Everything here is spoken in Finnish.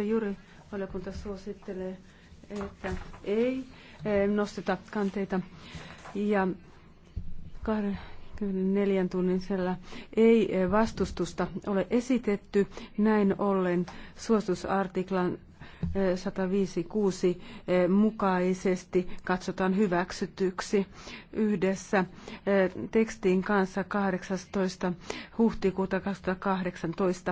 että juuri valiokunta suosittelee, että ei eh, nosteta kanteita ja 24 tunnin siellä ei eh, vastustusta ole esitetty. Näin ollen suositusartiklan 156 eh, mukaisesti katsotaan hyväksytyksi yhdessä tekstin kanssa 18. huhtikuuta 2018